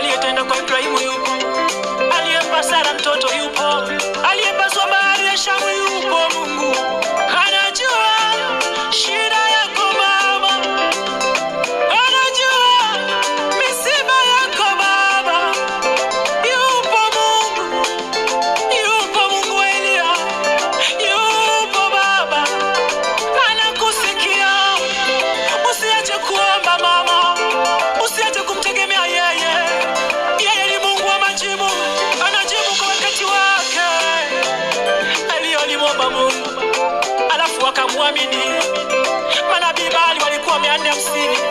Later in the country, you sababu, alafu wakamwamini manabii Baali walikuwa mia nne hamsini.